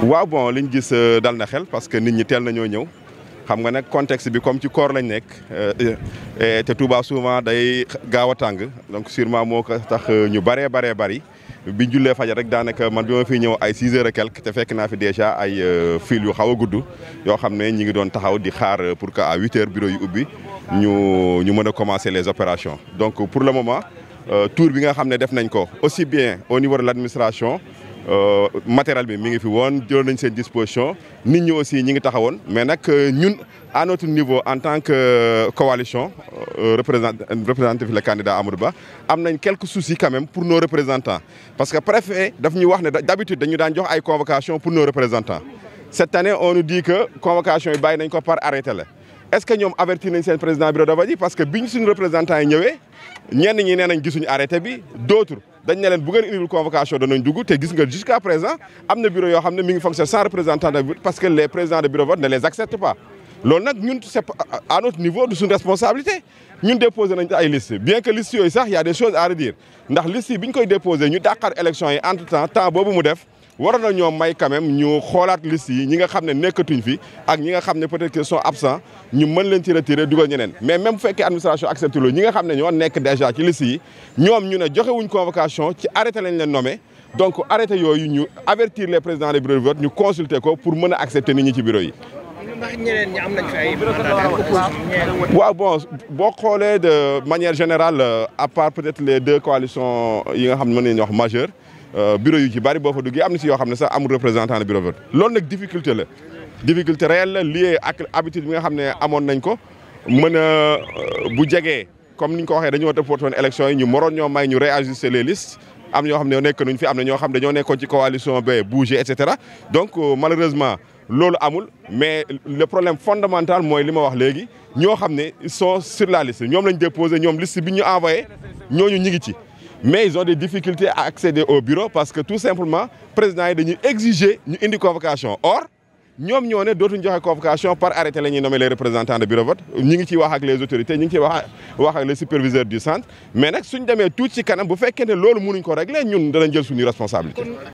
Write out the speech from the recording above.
waaw bon liñ gis euh, dal na xel parce que nit ñi teel nañoo ñëw xam nga nag contexte bi comme ci koor lañ nekk euh, te Touba souvent day gaaw a tàng donc sûrement moo ko tax euh, ñu baree baree bari bi jullee fajar rek daanaka man bi ma fiy ñëw ay six heures quelque te fekk naa fi déjà ay fil yu xaw a gudd yoo xam ne ñi ngi doon taxaw di xaar pour que à huit heures bureau yu ubbi ñu ñu mën a commencer les opérations donc pour le moment tour bi nga xam ne def nañ ko aussi bien au niveau de l'administration Euh, matériel bi mi ngi fi woon jëloon nañ seen disposition nit ñi aussi ñi ngi taxawoon mais nag euh, ñun en notre niveau en tant que euh, coalition représentative le candidat Amadou Ba am nañ quelques soucis quand même pour nos représentants parce que préfet daf ñu wax ne d'habitude dañu daan jox ay convocation pour nos représentants cette année on nous convocation yi bàyyi nañ ko par arrêté la est-ce que ñoom averti nañ seen président bureau de vote yi parce que biñ suñu représentant yi ñëwee ñenn ñi nee nañ gisuñu arrêté bi d'autres dañ ne leen bu convocation danañ dugg te gis nga jusqu'à présent am na bureau yoo xam ne mi ngi sans représentant de parce que les présidents de bureau vote ne les acceptent pas loolu nag ñun c'est à notre niveau du suñu responsabilité ñun déposé nañ ay liste bien que liste yooyu sax y des choses waroon na ñoom may quand même ñu xoolaat liste yi ñi nga xam ne nekkatuñ fi ak ñi nga xam ne peut-être qu'ils ñu mën leen ci retirer dugal ñeneen mais même bu fekkee administration accepté loolu ñi nga xam ne ñoo nekk déjà ci liste yi ñoom ñu ne joxewuñ convocation ci arrêté lañ leen nommé donc arrêté yooyu ñu avertir les présidents des bureaux de vote ñu consulter ko pour mën a accepter nit ñi ci bureau yi. waaw bon boo xoolee de manière générale euh, à part peut-être les deux coalitions yi nga xam ne mën nañu wax majeures. Euh, bureau yu ci bari boo fa duggee am na si yoo xam ne sax amul représentant de bureau vote loolu nag difficulté la difficulté réelle la liée habitude bi nga xam ne amoon nañ ko mën a euh, bu jegee comme ni ñu ko waxee dañoo reporté woon élection yi ñu moroon ñoo may ñu réajuster les listes am ñoo xam ne nekk nuñ fi am na ñoo xam dañoo nekkoon ci coalition ba bouger et cetera donc euh, malheureusement loolu amul mais le problème fondamental mooy li ma wax léegi ñoo xam ne ils sont la liste ñoom lañ déposé ñoom liste bi ñu envoyé ñooñu ñi ngi ci mais ils ont des difficultés à accéder au bureau parce que tout simplement président yi dañuy exiger indi convocation or ñoom ñoo ne dootuñu joxe convocation par arrêté la ñuy nommer les représentants de bureau vote ñi ngi ciy wax ak les autorités ñi ngi ciy wax wax ak les superviseurs du centre mais nag suñ demee tuuti ci kanam bu fekkee ne loolu mënuñ ko régler ñun danañ jël suñu responsabilité